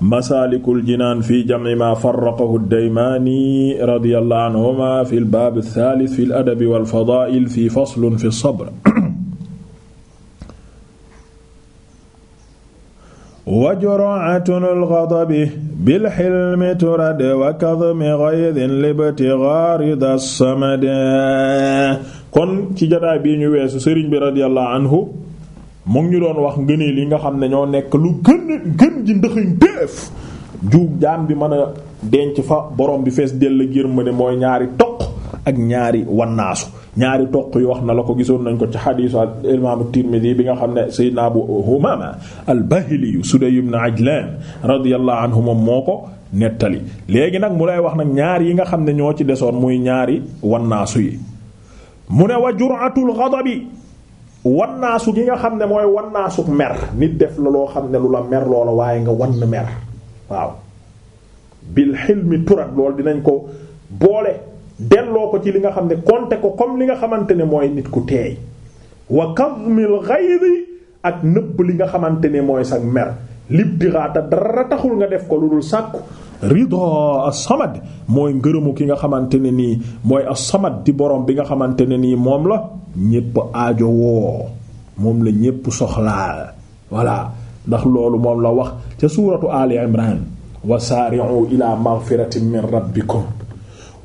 masaalikul jinaan fi jam'i ma farraqahu ad-Daymaani radiyallahu anhuma fi al-baab ath-thaalith fi al-adab wal-fadaa'il fi faslun fi as-sabr wa juraatun al-ghadabi bil-hilmi turad wa kadhmi ghaydhin libtighaari das-samad kon ci jotaay bi ñu weesu sëriñ bi radiyallahu anhu mu ngi ñu doon wax ngëneel li nga xam ne ñoo nekk lu gën gën ji ndëxañ téef ju jaam bi mën a denc fa borom bi fees dell gër ma ne mooy ñaari toq ak ñaari wannaasu ñaari toq yi wax na la ko gisoon nañ ko ci xadiisu imaamu Tirmidi bi nga xam ne Seydina Abu Humama al-Bahili Sudayy ibn Ajlan radiyallahu anhu moom moo ko nettali léegi nag mu lay wax nag ñaar yi nga xam ne ñoo ci desoon muy ñaari wannaasu yi mu ne wa jur'atul ghadabi wannaasu gi nga xam ne mooy wannaasuk mer nit def la loo xam ne lu la mer loola waaye nga wann mer waaw bil xilmi turat loolu dinañ ko boole delloo ko ci li nga xam ne konte ko comme li nga xamante ne mooy nit ku teey waa kazmil ghayri ak nëbb li nga xamante ne mooy sag mer libtira te dara taxul nga def ko lu dul sàkku rido as mooy ngërëmu ki nga xamante ne nii mooy as di borom bi nga xamante ne nii moom la ñépp aajo woo moom la ñépp soxlaa voilà ndax loolu moom la wax ca suuratu Ali Imran wa saari'u ila maghfiratin min ko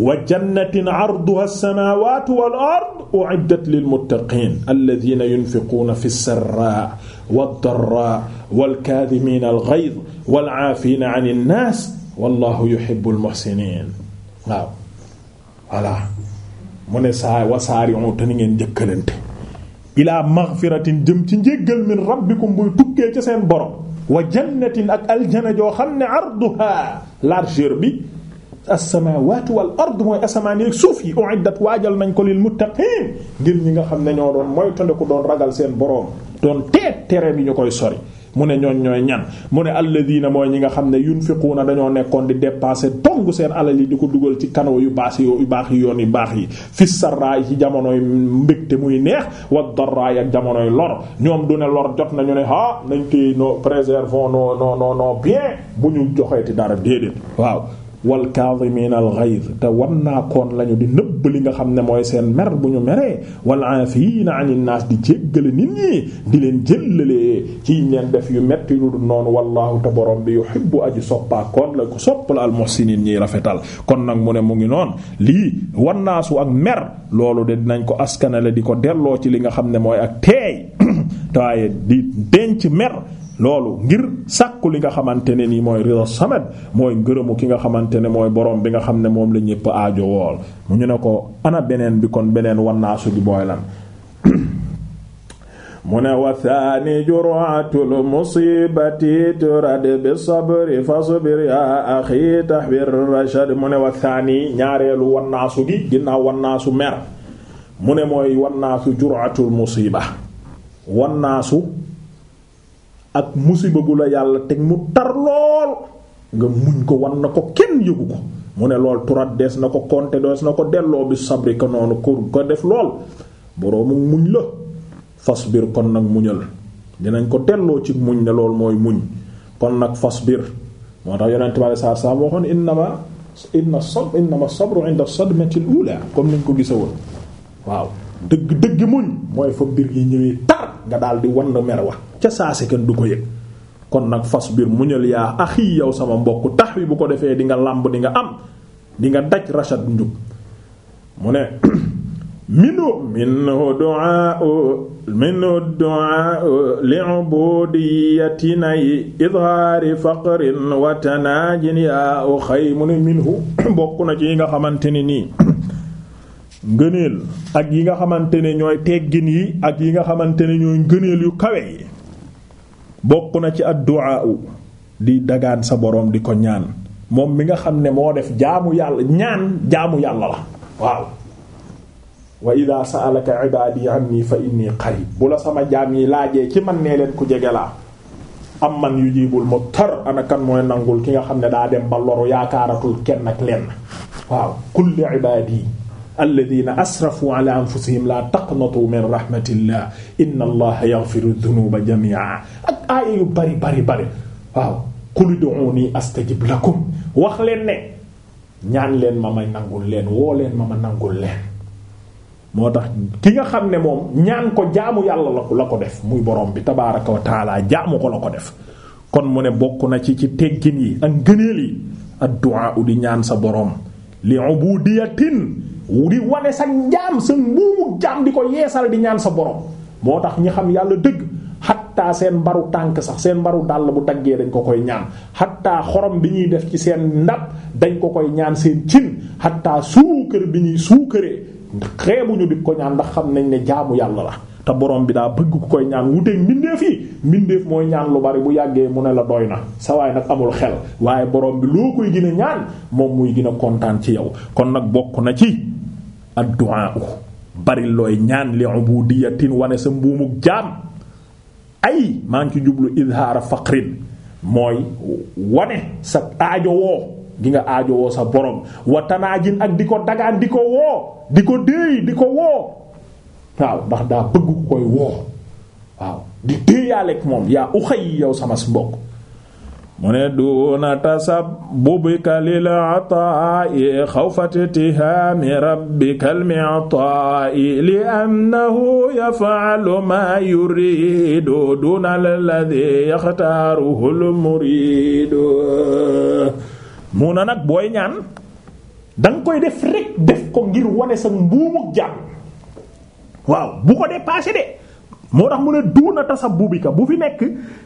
wa jannatin arduha as-samawatu wal ard u'iddat lil muttaqin alladhina yunfiquna fi as-sarra wad-dharra wal kadhimina al-ghayz wal 'afina 'anil nas wallahu yuhibbul muhsinin waaw voilà mu ne saa wasaari'u te ni ngeen jëkkalante ilaa maghfiratin jëm ci njéggal min rabbikum buy tukkee ca seen borom wa jannatin ak aljana joo xam ne arduha largeur bi as-samaawaatu wal ard mooy asamaan yeeg suuf yi u'iddat waajal nañ ko lil muttaqiin ngir ñi nga xam ne ñoo doon moytandiku doon ragal seen boroom doon teet tere bi ñu koy sori. mu ne ñooñ ñooy ñan mu ne alladina mooy ñi nga xam ne yunfiquuna dañoo nekkoon di dépenser dong seen alal yi di ko dugal ci kanaw yu baax yu baax yi yoon yu baax yi fi sarraay ci jamonoy mbégte muy neex wa darraay ak jamonoy lor ñoom du ne lor jot nañu ne ah nañ koy no préservons no no bien bu ñu joxeeti dara déedéet wal kaadhimiina al ghayz te wan naa koon lañu di nëbb li nga xam ne mooy seen mer bu ñu meree wal aafiina anin naas di jéggale nit ñi di leen jëllalee ci leen def yu metti lu dul noonu wallaahu te borom bi yuhibbu aji soppaa koon la ko sopp la al ñiy rafetal kon nag mu ne mu ngi noon lii wan naasu ak mer loolu de dinañ ko askanale di ko delloo ci li nga xam ne mooy ak teey taaye di denc mer loolu ngir sàkku li nga xamante ne nii mooy rida samad mooy ngërëmu ki nga xamante ne mooy boroom bi nga xam ne moom la ñëpp aajo wool mu ñu ne ko ana beneen bi kon beneen wannaasu gi booy lan mu ne wa thani jur'atul musibati turad bi sabri fasbir ya akhi tahbir rashad mu ne wa thani ñaareelu wannaasu gi ginnaaw wannaasu mer mu ne mooy wannaasu jur'atul musiba wannaasu ak musiba la yàlla teg mu tar lool nga muñ ko wan na ko kenn yëgu ko mu ne lool turat des na ko konte dees na ko delloo bi sabri ko noonu ko ko def lool boroomu muñ la fas biir kon nag muñal dinañ ko delloo ci muñ ne lool mooy muñ kon nag fas biir moo tax yonent bi saa saa moo waxoon innama inna sabr innama sabru inda sadmati al-ula comme niñ ko gisa woon waaw dëgg dëgg muñ mooy fa biir yi ñëwee tar nga daal di wan mer wa ca saa si kenn du ko yëg kon nag fas biir muñal yaa axi yow sama mbokk tax wi bu ko defee dinga nga làmb di nga am di nga daj rachat njub mu ne minu minhu du'a minhu du'a li'ubudiyatina idhaari faqrin wa tanaajin yaa uxay mu ne minhu bokk na ci yi nga xamante ne nii ngëneel ak yi nga xamante ne ñooy teggin yi ak yi nga xamante ne ñooy ngëneel yu kawe yi bokk na ci addu'a di dagaan sa boroom di ko ñaan moom mi nga xam ne moo def jaamu yàlla ñaan jaamu yàlla la waaw wa ida sa'alaka ibadi anni fa inni qarib bu la sama jaam yi laajee ci man ne leen ku jege laa am man yu jiibul muttar anakan mooy nangul ki nga xam ne daa dem ba loru yaakaaratul kenn ak lenn waaw kulli ibadi alladina asrafu ala anfusihim la taqnatu min rahmatillah inna allaha yaghfiru dhunuba jami'a ak aaya yu bari bari bari waaw qul ud'uni astajib lakum wax leen ne ñaan leen ma ma nangul leen woo leen ma ma nangul leen moo tax ki nga xam ne moom ñaan ko jaamu yàlla la ko la ko def muy borom bi tabaaraka wa jaamu ko la ko def kon mu ne bokk na ci ci teggin yi ak ngëneel yi ad-du'a ñaan sa borom li ubudiyatin di wane sa njaam sa mbuumug jaam di ko yeesal di ñaan sa borom moo tax ñi xam yàlla dëgg xattaa seen mbaru tànk sax seen mbaru dàll bu taggee dañ ko koy ñaan xattaa xorom bi ñuy def ci seen ndab dañ ko koy ñaan seen cin xattaa suukar bi ñuy suukaree xeebuñu di ko ñaan ndax xam nañ ne jaamu yàlla la te borom bi daa bëgg ko koy ñaan wuteeg mbindeef yi mbindeef mooy ñaan lu bari bu yàggee mu ne la doy na sa waay nag amul xel waaye borom bi loo koy gën moom muy gën a kontaan ci yow addu'a bari looy ñaan li ubudiyatin wane sa mbuumug jaam ay maa ngi ci jublu izhaara faqrin mooy wane sa aajo woo gi nga aajo woo sa borom wa tanaajin ak di ko dagaan di ko woo di ko déey di ko woo waaw ndax daa bëgg koy woo waaw di déeyaaleeg moom yaa uxay yow sama mbokk mu ne duuna tasabbubika lil ataa'i xawfati tihaami rabbika al mi'taa'i li annahu yaf'alu ma yuridu duuna alladhi yaxtaaruhu al muridu mu na nag booy ñaan danga koy def rek def ko ngir wane sa mbuumuk jàmm waaw bu ko dépassé de moo tax mu ne duuna tasabbubika bu fi nekk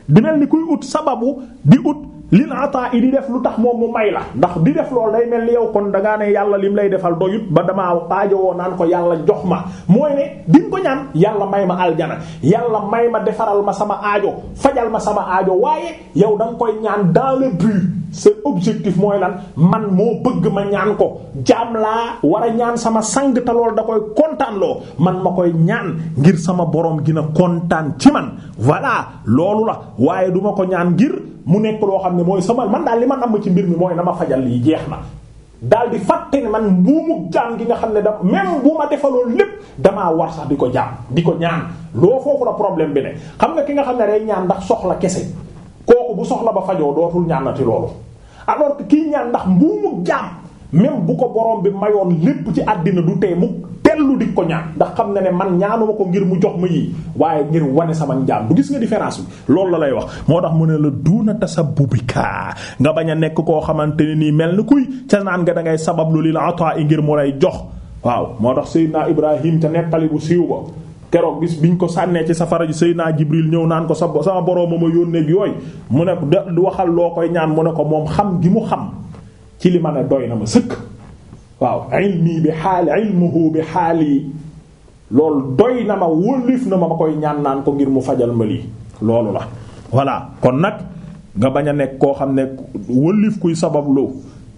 di mel ni kuy ut sababu di ut lil ataa i di def lu tax moom mu may la ndax di def loolu day mel ni yow kon da ne yàlla lim lay defal doyut ba damaa aajowoo naan ko yàlla jox ma mooy ne di ko ñaan yàlla may ma aljana yàlla may ma defaral ma sama aajo fajal ma sama aajo waaye yow da koy ñaan dans le sa objectif mooy lan man moo bëgg ma ñaan ko jaam laa war a ñaan sama sang te lool da koy kontaan loo man ma koy ñaan ngir sama borom gina kontaan ci man voilà loolu la waaye duma ko ñaan ngir mu nekk loo xam ne mooy sama man daal li man am ci mbir mi mooy na ma fajal lii jeex na daal di fàtte ne man mbuumu jaam gi nga xam ne da même bu ma defaloon lépp damaa war sax di ko jaam di ko ñaan loo foofu la problème bi ne xam nga ki nga xam ne day ñaan ndax soxla kese bu soxla ba fajoo dootul ñaanati loolu alors que kii ñaan ndax mbuumu jaam même bu ko borom bi mayoon lépp ci àddina du tee mu tellu di ko ñaan ndax xam na ne man ñaanuma ko ngir mu jox ma yii waaye ngir wane sama njaam du gis nga différence bi loolu la lay wax moo tax mu ne la duuna tasabubika nga bañ a nekk koo xamante ne nii mel ni kuy ca naan nga da ngay sabablu lil ata i ngir mu lay jox waaw moo tax Seydina Ibrahim te nettali bu siiw ba keroog bi biñ ko sànnee ci safara ji Seydina Jibril ñëw naan ko sa sama boroom ma yónneeg yooy mu ne du waxal loo koy ñaan mu ne ko moom xam gi mu xam ci li ma ne doy na ma sëkk waaw ilmi bi xaali ilmuhu bi xaali loolu doy na ma na ma koy ñaan naan ko ngir mu fajal ma lii loolu la voilà kon nag nga bañ a nekk koo xam ne wóllif kuy sabablu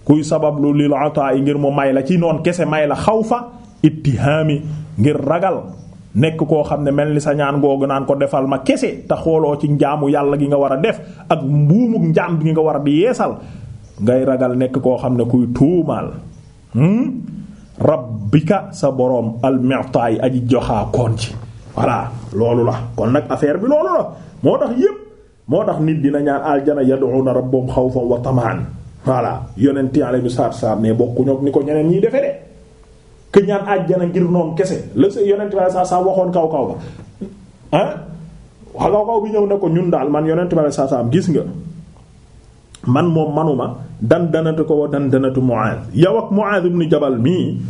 kuy sabab sabablu lil ata yi ngir mu may la ci noon kese may la xaw xawfa ittihaami ngir ragal nekk koo xam ne mel ni sa ñaan googu naan ko defal ma kese te xooloo ci njaamu yàlla gi nga war a def ak mbuumuk njaam gi nga war a di yeesal ngay ragal nekk koo xam ne kuy tuumaal hmm? rabbika sa boroom almetaay aji joxaa koon ci voilà loolu la kon nag affaire bi loolu la moo tax yépp moo tax nit dina ñaan aljana yad'una rabbum xawfan wa tamaan voilà yonenti alayhi salaatu salaam ne bokkuñu ni ko ñeneen ñiy defe de que ñaan àjjana ngir noonu kese la sa yonent bi saa saa waxoon kaw kaw ba ah kaw kaw bi ñëw ne ko ñun daal man yonent bi saa gis nga man moom manuma dan danatu ko dan danatu Mu'aaz yow ak Mu'aaz ibn Jabal mii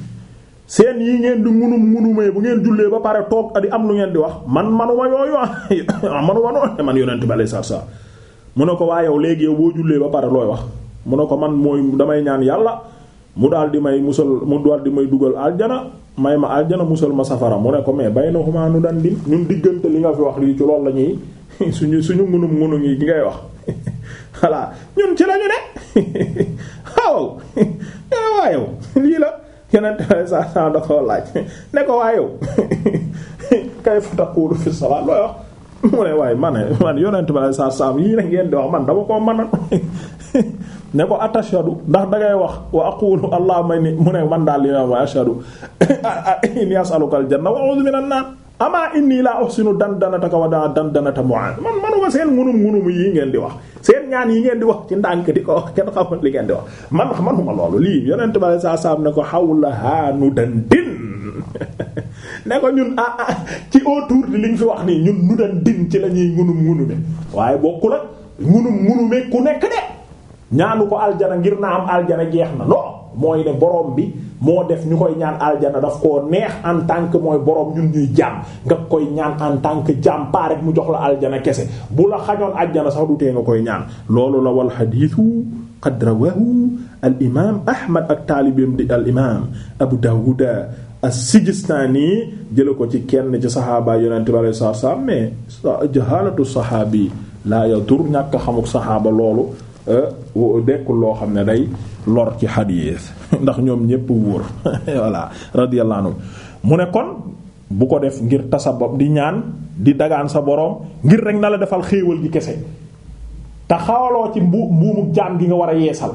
seen yi ngeen di munum munumee bu ngeen jullee ba pare toog di am lu ngeen di wax man manuma yooyu ah manuma noonu man yonent bi saa saa mu ne ko waa yow léegi yow boo jullee ba pare looy wax mu ne ko man mooy damay ñaan yàlla. mu daal di may musal mu daal di may dugal aljana may ma aljana musal ma safara mu ne ko mais bay na xumaanu dan din ñun diggante li nga fi wax lii ci loolu la ñuy suñu suñu ngunum ngunum yi gi ngay wax voilà ñun ci lañu ne waaw eh, waayow lii la yeneen sa sa da ko laaj ne ko waayow kay fa taqulu fi salat looy wax mu ne waaye man yonent ba sa sam yii na ngeen di wax man dama koo mën ne ko atashadu ndax dangay wax wa aqulu allahumma ni mu ne man daal li ma ashadu inni as'aluka aljanna wa a'udhu minan nar ama inni la uhsinu dandanataka wa da dandanata mu'ad man manuma seen munum munum yi ngeen di wax seen ñaan yi ngeen di wax ci ndànk di ko wax kenn xamul li ngeen di wax man manuma loolu lii yonent ba saa saam ne ko xawla haanu dandin ne ko ñun ah ah ci autour di li ñu fi wax nii ñun nu dandin ci lañuy ñuy ngunum ku nekk ñaanu ko aljana ngir na am aljana jeex na non mooy ne boroom bi moo def ñu koy ñaan aljana daf ko neex en tant que mooy borom ñun ñuy jaam nga koy ñaan en tant jaam paa rek mu jox la aljana kese bu la xañoon aljana sax du tee nga koy ñaan loolu la wal xadiisu qad rawahu al imaam ahmad ak taalibeem di al imaam abu daawuda as-sijistaani jëla ko ci kenn ci saxaaba yonente bi alayhi salaatu wa salaam mais jahalatu saxaabi laa yadur ñàkk xamuk saxaaba loolu dekkul euh, loo xam ne day lor ci xadiis ndax ñoom ñépp wóor voilà radiyallahu anhu mu ne kon bu ko def ngir tasa bopp di ñaan di dagaan sa boroom ngir rek na la defal xéewal gi kese te xawaloo ci mbu mbuumu jaam gi nga war a yeesal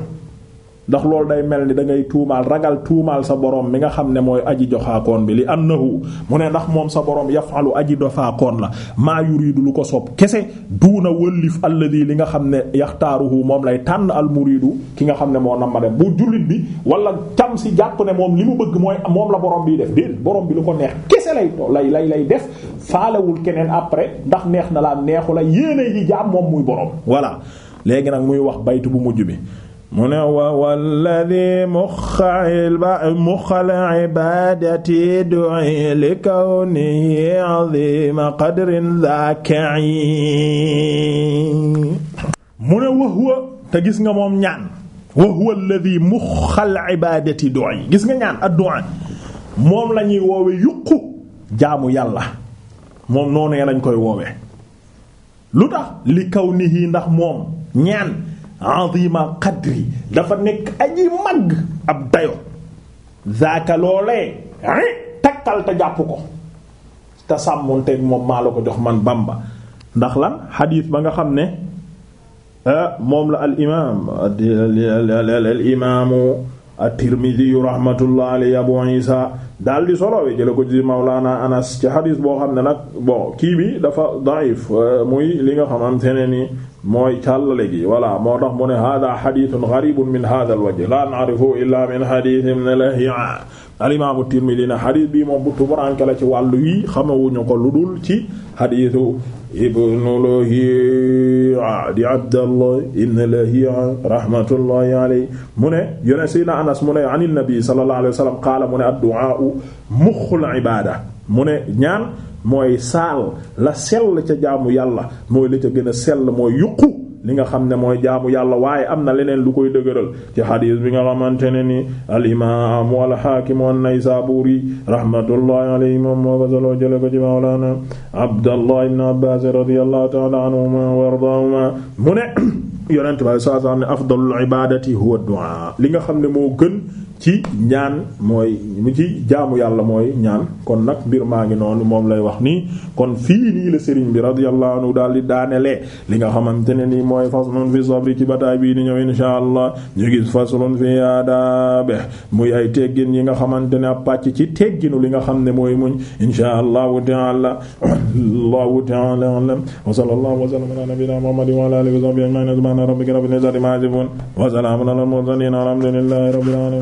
ndax loolu day mel ni da ngay tuumaal ragal tuumaal sa borom mi nga xam ne mooy aji joxaakoon bi li annahu mu ne ndax moom sa borom yafalu aji dofaakoon la maa yuridu lu ko sob kese duuna wëllif alladi li nga xam ne yaxtaaruhu moom lay tànn al muridu ki nga xam ne moo nam ma bu jullit bi wala cam si jàpp ne moom li mu bëgg mooy moom la borom biy def déet borom bi lu ko neex kese lay lay lay lay def faalewul keneen après ndax neex na laa neexu la yéene yi jaam moom muy borom voilà léegi nag muy wax baytu bu mujj bi mu ne wa walladi muxal te gis nga moom ñaan wa huwa alladi muxal ibaadati du'i gis nga ñaan addu'a moom la woowe yuqu jaamu yàlla moom noonee lañ koy woowe lu tax li kawnihi ndax moom ñaan azima qadri dafa nekk aji mag ab dayo zaaka takkal te jàpp ko te sàmmonteeg moom maa la ko jox man Bamba ndax la xadiis ba nga xam ne ah, moom la al imaam al imaamu at-Tirmidhi rahmatullah daal di solowee jële ko ci Mawlana Anas ci xadiis boo xam ne nag bon kii bi dafa daif muy li nga xamante ne ni mooy càllale gi voilà moo tax mu ne hada xaditun garibun min hada alwajh la na'rifu illa min hadith ibn Lahi'a alimamu Tirmidhi ne xadis bii moom bu tubaranke la ci wàllu wi xamawuñu ko lu dul ci xadisu ibn Lahi'a di Abdallah ibn Lahi'a rahmatullahi alayhi mu ne yone sayna Anas mu ne an nabi sallallahu alayhi wa sallam qaala mu ne ad-du'a mukhul ibada mu ne ñaan mooy saal la sell ca jaamu yàlla mooy la ca gën a sell mooy yuqu li nga xam ne mooy jaamu yàlla waaye am na leneen lu koy dëgëral ci xadiis bi nga xamante ne ni al imaam wal xaakim wan naysaabuuri rahmatullahi alayhi moom moo ko soloo jële ko ci mawlaana a ibn abbaas radiyallahu ta'ala anhuma wa ardaahuma mu ne yonent bi sallallahu alayhi wa sallam afdalul ibaadati huwa du'a li nga xam ne moo gën ci ñaan mooy mu ci jaamu yàlla mooy ñaan kon nag mbir maa ngi noonu moom lay wax nii kon fii nii la sëriñ bi radiyallahu anhu daal di daanelee li nga xamante ne nii mooy faslun fi sabri ci bataay bii di ñëw insha allah ñu gis faslun fi aadabe muy ay teggin yi nga xamante ne ab pàcc ci tegginu li nga xam ne mooy muñ insha allahu taala allahu taala alam wa sallallahu wa sallam ala nabina muhammadin wa ala alihi wa sahbihi ajma'in subhana rabbika rabbil